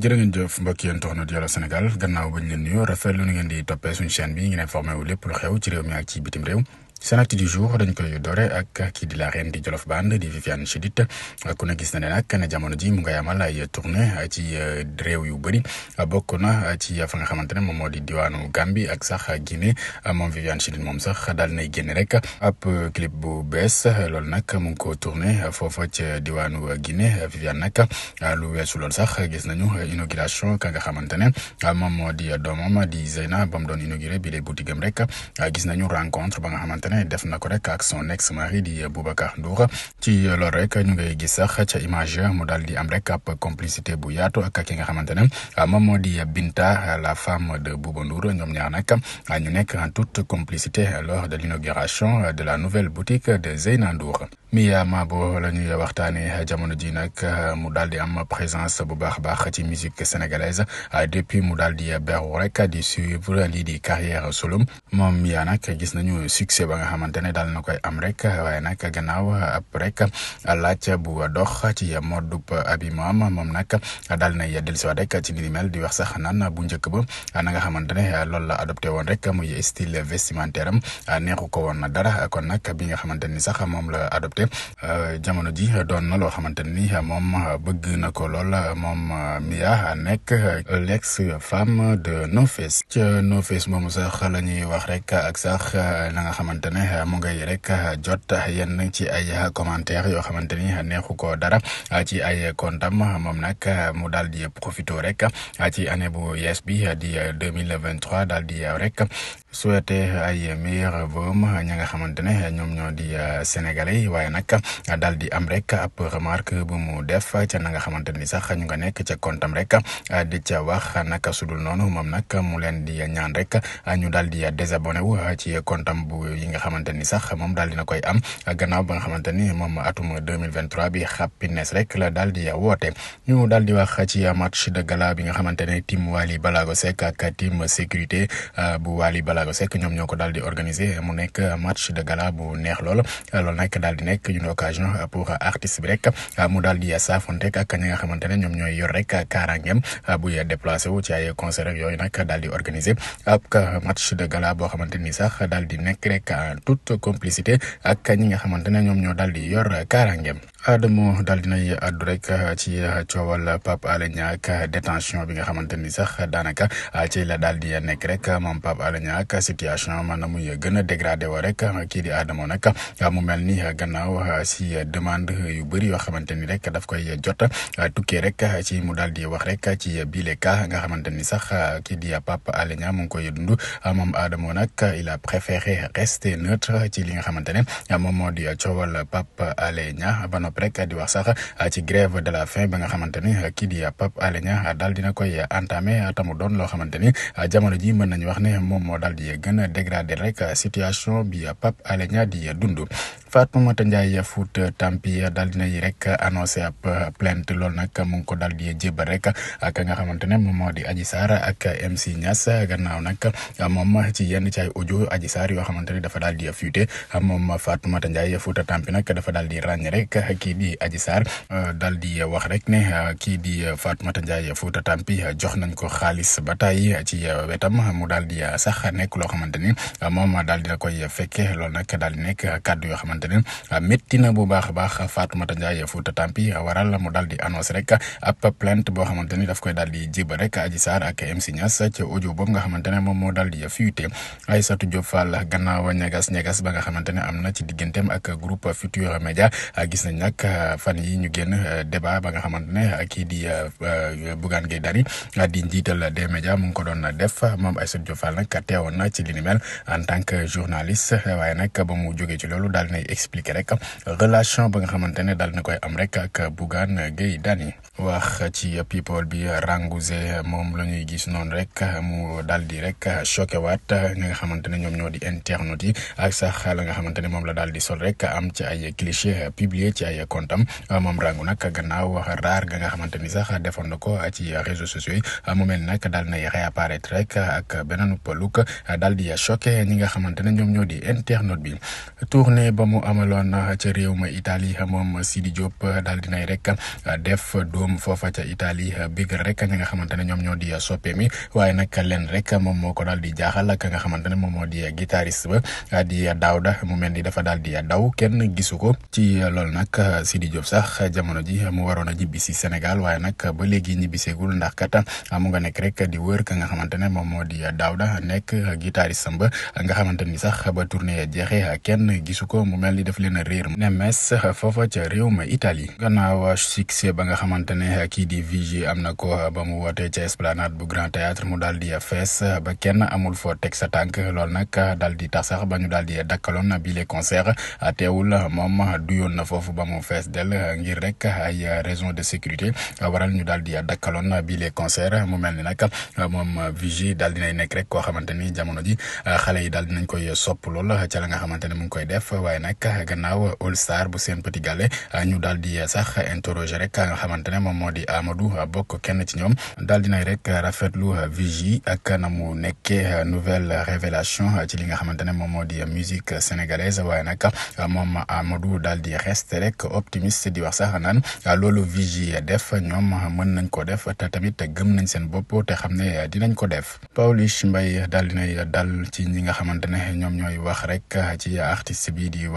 jërë ngeen jëf mbokk yéen tox na Sénégal gannaaw bañ leen nuyoo rafetlu ni ngeen di toppee suñu chaîne bi ngeen informé wu lépp lu xew ci réew ci bitim réew seen acte du jour dañ koy dore ak kii di la reine di Jolof Band di Viviane Chidid ku ne gis na ne nag ne jamono ji mu ngay amal ay tournée ci euh, réew yu bëri bokk na ci fa nga xamante ne moom moo di diwaanu Gambie ak sax Guinée moom Viviane Chidid moom sax daal nay génne rek ab euh, clip bu bees loolu nag mu ngi ko tourné foofa ca diwaanu Guinée Viviane nag euh, lu weesu loolu sax gis nañu inauguration ka nga xamante ne moo di doomam di Zeyna ba mu doon bi lay boutique am rek gis nañu rencontre ba nga xamante ne def na ko rek ak son ex mari di Boubacar Ndour ci loolu rek ñu ngay gis sax ca image mu daal di am rek ab complicité bu yaatu ak ki nga xamante ne ah, moom moo di Binta la femme de Bouba Ndour ñoom ñaar nag ah, ñu nekk en toute complicité lors de l'inauguration de la nouvelle boutique de Zeyna Ndour Mia ah, Mabo la ñuy waxtaanee jamono ji nag mu daal di am présence bu baax a baax ci musique sénégalaise depuis mu dal di beru rek di suivre lii di carrière solum moom yaa nag gis nañu succès ba nga xamante ne daal na koy am rek waaye nag gannaaw ab rek laajt bu dox ci moddub abi maam moom nag daal nay dellusiwaat rek ci ni mel di wax sax naan bu njëkk ba na nga xamante ne loolu la adopté woon rek muy style vestimentaire am neexu ko woon dara kon nag bi nga xamante ni sax moom la adopté jamono ji doon na loo xamante ni moom bëgg na ko lool moom Mia nekk l'ex femme de No Face ca Face moomu sax la ñuy rek ak sax nanga euh, nga xamante ne euh, mu ngay rek euh, jot yenn ci ay commentaire yoo xamante ni neexu ko dara ci ay kontam moom nag mu daal di profité rek ci année bu yees bi di deux mille vingt daal di rek souhaité ay meilleurs ña nga xamante ne ñoom ñoo di sénégalais waaye nag daal di am rek ab remarque bu mu def ca nanga nga xamante ni sax ñu nga nekk ca kontam rek di ca wax naka sudul noonu moom nag mu leen di ñaan rek ñu daal di désabonné wu ci comptam bu yi nga xamante ni sax moom daal dina koy am gannaaw ba nga xamante ni moom atum 2023 bi happiness rek la daal di woote ñu daal di wax ci match de gala bi nga xamante ne team Wally Balago Seck ak team sécurité euh, bu Wally Balago Seck ñoom ñoo ko daal di organiser mu nekk match de gala bu neex lool loolu nag daal di nekk une occasion pour artiste bi rek mu daal di saafonteeg ak ñi nga xamante ne ñoom ñooy yor rek kaaraangeem buy wu ci ay concert yooyu nag daal di organiser match de gala boo xamante ni sax daal di nekk rek en toute complicité ak ñi nga xamante ne ñoom ñoo daal di yor kaaraangeem Adamo daal dinay àddu rek ah, ci ah, coowal Pape Alé Niang ak détention bi nga xamante ni sax daanaka ah, ci la dal di nekk rek moom Pape Alé Niang ak situation maanaam gën a dégradé woo rek kii di Adamo nag mu mel ni gannaaw si demande yu bëri yoo xamante ni rek daf koy jot tukkee rek ci mu daal di wax rek ci bile ka nga xamante ni sax kii di Pape Alé mu ngi koy dund moom Adamo nag il a préféré rester neutre ci li nga xamante ne moom moo di coowal Pape Alé nopp rek di wax sax ah, ci grève de la fin ba nga xamante ni ah, kii di ah, Pape Alé Niang daal dina koy entamé tamu doon loo xamante ni jamono ji mën nañu wax ne moom moo daal di gën a dégrader rek situation bi pap Alé Niang di dund Fatoumata Ndiaye Fout Tampi daal dina yi rek annoncé a plainte lool nag mu ngi ko daal di jébal rek ak nga xamante ne moom moo di Adji Sarr ak MC Niass gannaaw nag moom ci yenn ci ay audio Adji Sarr yoo xamante ne dafa daal di fuité moom Fatoumata Ndiaye Fout Tampi nag dafa daal di ràññ rek kii di Adji Sarr daal di wax rek ne kii di Fatoumata Ndiaye Fout Tampi jox nañ ko xaalis ba tàyyi ci wetam mu daal a sax nekk loo xamante ni moom daal dina koy fekke loolu nag daal di nekk kadd yoo xamante xamante ne métti na bu baax a baax Fatoumata Ndiaye Fouta Tampi waral mu daal di annonce rek ab plainte boo xamante ni daf koy daal di jéba rek Adji Sarr ak MC Niass ci audio boobu nga xamante ne moom moo daal di fuité Aïssatou Diop Fall gannaaw ñagas ñagas ba nga xamante ne am na ci digganteem ak groupe Futur Média gis nañ nag fan yi ñu génn débat ba nga xamante ne kii di euh, Bougane Gueye Dany di njiital des médias mu ngi ko doon def moom Aïssatou Diop Fall nag teewoon na ci li ni en tant que journaliste waaye nag ba mu jógee ci loolu daal nay expliqué rek relation ba nga xamante ne daal na koy am rek ak Bougane Gueye Dany wax ci people bi Rangouze moom la ñuy gis noonu rek mu daal di rek choqué waat ñi nga xamante ne ñoom ñoo di internautes yi ak sax la nga xamante ne moom la daal di sol rek am ci ay cliché publié ci ay compte am moom Rangou nag gannaaw wax raar ga nga xamante ni sax defoon na ko ci réseaux sociaux yi mu mel nag daal nay réapparaître rek ak beneen look daal di a choqué ñi nga xamante ne ñoom ñoo di internaute bi tourné ba mu mu amaloon ah, ca réew ma Italie ah, moom Sidi Diop ah, daal dinay rek def doom foofa ca Italie bigal rek ñi nga xamante ne ñoom ñoo di soppe mi waaye nag leen rek moom moo ko daal di jaaxal ka nga xamante ne moom moo di guitariste ba di Daouda mu mel ni dafa daal di daw kenn gisu ko ci loolu nag di job sax jamono ji mu waroon a ñibbi si Sénégal waaye nag ba léegi ñibbiseegul ndax kat amu nga nekk rek di wër ka nga xamante ne moom moo di Daouda nekk guitariste ba nga xamante sax ba tournée daal di def leen a réer nemes foofa ca réew ma Italie ba nga xamante ne kii di Vigie am na ko ba mu wootee ca esplanade bu Grand Théâtre mu daal di fees ba kenn amul foo teg sa tànk loolu nag dal di tax sax ba ñu dal di dakkaloon bi les concerts teewul moom duyoon na foofu ba mu fees del ngir rek ay raison de sécurité waral ñu daal di dakkaloon bi les concerts mu mel ni nag moom Vigie daal dinay nekk rek koo xamante ni jamono ji xale yi daal dinañ koy sopp lool ca la nga xamante ne mu koy def waaye nag rek gannaaw All Star bu seen Petit Galle ñu daal sax interroger rek nga xamante ne moom moo di Amadou bokk kenn ci ñoom daal dinay rek rafet lu Vigy ak na mu nekkee nouvelle révélation ci li nga xamante ne moom moo di musique sénégalaise waaye nag moom Amadou daal di reste rek optimiste di wax sax naan loolu Vigy def ñoom mën nañ ko def te tamit gëm nañ seen bopp te xam ne dinañ ko def Pawlish Mbaye daal dinay dal ci ñi nga xamante ne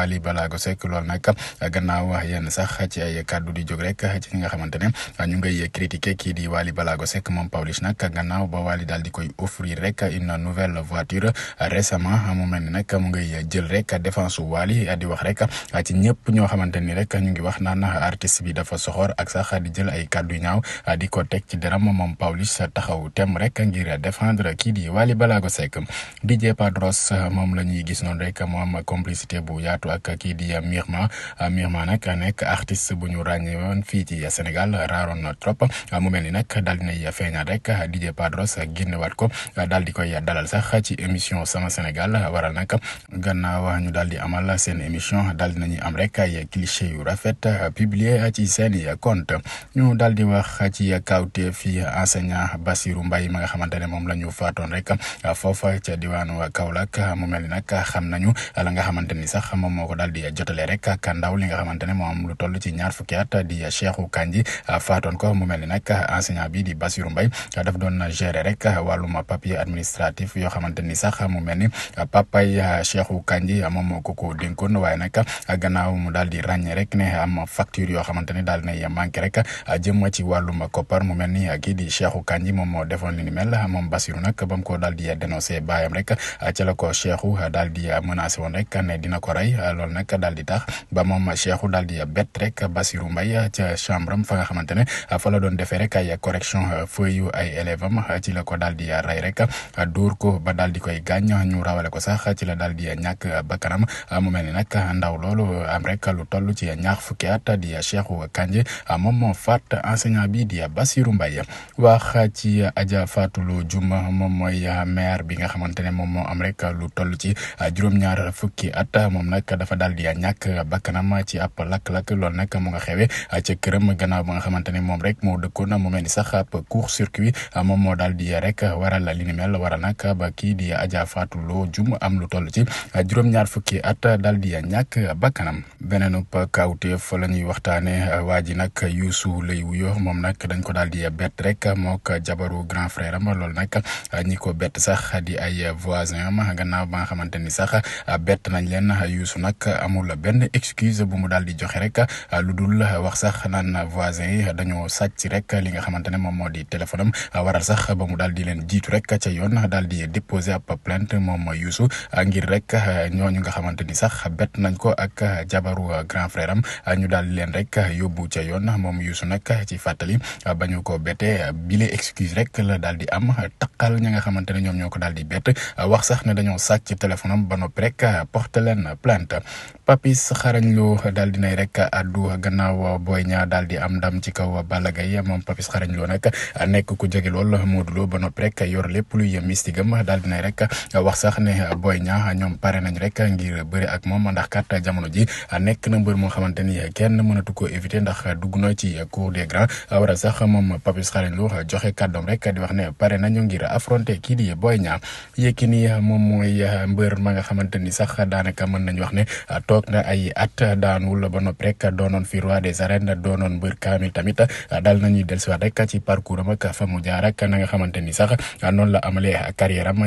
Wally Ballago a loolu nag gannaaw yenn sax ci ay kàddu di jóg rek ci ñi nga xamante ne ñu ngay critiquer kii di Wally Ballago Seck moom Pawlish nag gannaaw ba Wally daal di mu mel ni a mu jël rek défense su Wally di wax rek ci ñëpp ñoo xamante ni rek ñu ngi wax naan artiste bi dafa soxor ak sax di jël ay kàddu ñaaw di ko teg ci deram moom Pawlish taxaw tem rek ngir défendre kii di Wally Ballago Seck DJ Padros moom la gis noonu rek moom complicité bu yaatu ak kii di Myrma Myrma nag nekk artiste bu ñu ràññee fii ci Sénégal raaroon na trop mu mel ni nag daal di nay feeñaat rek DJ Padros waat ko daal di koy dalal sax ci émission sama Sénégal waral nag gannaaw ñu daal di amal seen émission daal di nañu am rek ay cliché yu rafet publier ci seen i compte ñu daal di wax ci kawte fi enseignant Bassirou Mbaye ma nga xamante ne moom lañu ñu faatoon rek foofa ca diwaanu Kaolack mel ni moo ko daal di jotale rek ak ndaw li nga xamante ne moo am lu toll ci ñaar fukki at di Cheikhou Kandji ah, faatoon ko mu mel ni nag enseignant bi di Bassirou Mbaye ah, def doon gérer rek wàllum papier administratif yoo xamante ni sax mu mel ni papay ah, Cheikhou Kandji moom moo ko ko dénkoon waaye nag gannaaw mu daal di ràññee rek ne am facture yoo xamante ne daal nay manqué rek jëm ci wàllum koppar mu mel ni kii di Cheikhou Kandji moom moo defoon li ni mel moom Bassirou nag ba mu ko daal di dénoncé baayam rek ca la ko Cheikhou daal di menacé woon rek ne dina ko rey loolu nag daal di tax ba moom Cheikhou daal di bett rek Bassirou Mbaye ca chambre am fa nga xamante ne fa la doon defee rek ay correction feuille yu ay élève am ci la ko dal di rey rek dóor ko ba daal di koy gaañ ñu rawale ko sax ci la daal di ñàkk bakkanam mu mel ni nag ndaw loolu am rek lu toll ci ñaar fukki at di Cheikhou Kandji moom moo faat enseignant bi di basiru Mbaye wa ci a Fatou Lo Dioum moom mooy maire bi nga xamante ne moom moo am rek lu tol ci juróom-ñaar fukki at moom nag dafa daal di ñàkk bakkanam ci ab lakk-lakk loolu nag mu nga xewee ca këram gannaaw ba nga xamante ne moom rek moo dëkkoon mu mel ni sax ab court circuit moom moo daal di rek li ni mel waral nag ba kii di Adja Fatou Lo jum am lu toll ci juróom la ñuy waxtaanee waa ji nag Youssou lay wuyoo moom nag dañ ko daal di bett rek mook jabaru grand frère am loolu nag ko bett sax di ay voisin am gannaaw ba nañ leen Youssou nag nag amul benn excuse bu mu daal di joxe rek lu dul wax sax naan voisin yi dañoo sàcc rek li nga xamante ne moom moo di téléphone am waral sax ba mu dal di leen jiitu rek ca yoon daal di déposer ab plainte moom Youssou ngir rek ñooñu nga xamante ni sax bett nañ ko ak jabaru grand frère am daal di leen rek yóbbu ca yoon moom Youssou nag ci fàttali ba ñu ko bettee bile excuse rek la daal di am taqal ña nga xamante ne ñoom ñoo ko daal di bett wax sax ne dañoo sàcc téléphone ba noppi rek porte leen plainte Papis xarañ lu daal dinay rek addu gannaaw Boy Niang daal di am ndam ci kaw Balla Gaye moom Papis xarañ lu nag nekk ko jege lool Modou Lo ba noppi rek yor lépp luy mistigam daal dinay rek wax sax ne Boy Niang ñoom pare nañ rek ngir bëri ak moom ndax kat jamono ji nekk na mbër moo xamante ni kenn mënatu ko éviter ndax dugg na ci cour des grands waral sax moom Papis xarañ lu joxe kàddoom rek di wax ne pare nañu ngir affronter kii di Boy Niang Yékini moom mooy mbër ma nga xamante ni sax daanaka mën nañu wax ne toog na ay at daanul ba noppi rek doonoon fi roi des arènes doonoon mbër kaamil tamit daal nañuy dellusiwaat rek ci parcours am ak fa mu jaar ak na nga xamante ni sax noonu la amalee carrière am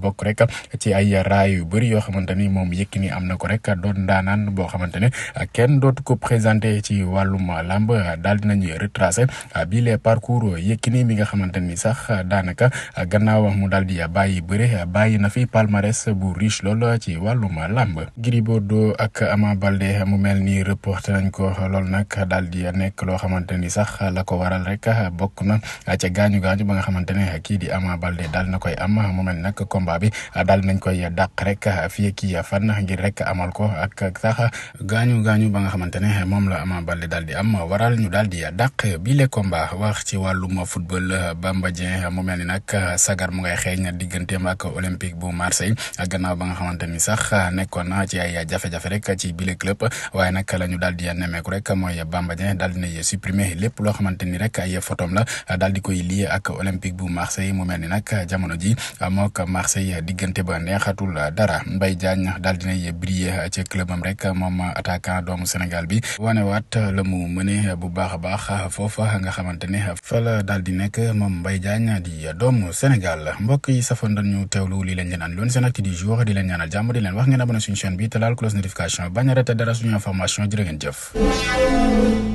bokk rek ci ay raay yu bëri yoo xamante ni moom Yékini am na ko rek doon daanaan boo xamante ne kenn dootu ko présenté ci wàllum làmb daal dinañuy retracé bii les parcours Yékini mi nga xamante ni sax daanaka gannaaw mu daal di bàyyi bëre bàyyi na fi palmarès bu riche lool ci wàllu wàllum làmb Gris do ak Ama Baldé mu mel ni reporté nañ ko loolu nag daal di nekk loo xamante ni sax la ko waral rek bokk na ca gaañu gaañu ba nga xamante ne kii di Ama Baldé daal na koy am mu mel nag combat bi daal nañ koy dàq rek fii kii fan ngir rek amal ko ak sax gaañu gaañu ba nga xamante ne moom la Ama Baldé daal di am waral ñu daal di dàq bi le combat wax ci wàllum football Bamba Dieng mu mel ni nag sagar mu ngay xeeñ digganteem ak Olympique bu Marseille gannaaw ba nga xamante sax nekkoon a ci a jafe-jafe rek ci bile club waaye nag la ñu daal nemeeku rek mooy Bamba Dieng daal di nay supprimer lépp loo xamante ni rek ay photom la daal di koy lié ak Olympique bu Marseille mu mel ni nag jamono ba neexatul dara Mbaye Diagne daal di nay briller ci clubam rek moom attaquant doomu Sénégal bi wane waat la mu mëne bu baax a baax foofa nga xamante ne fa la daal di nekk moom Mbaye Diagne di doomu Sénégal mbokk i safoon dañu teewlu li ñaan loon seen acte du jour di leen ñaanal jàmm di leen wax. ngeen abonné suñu chaîne bi te laal close notification bañ a raté dara suñu information jërë ngeen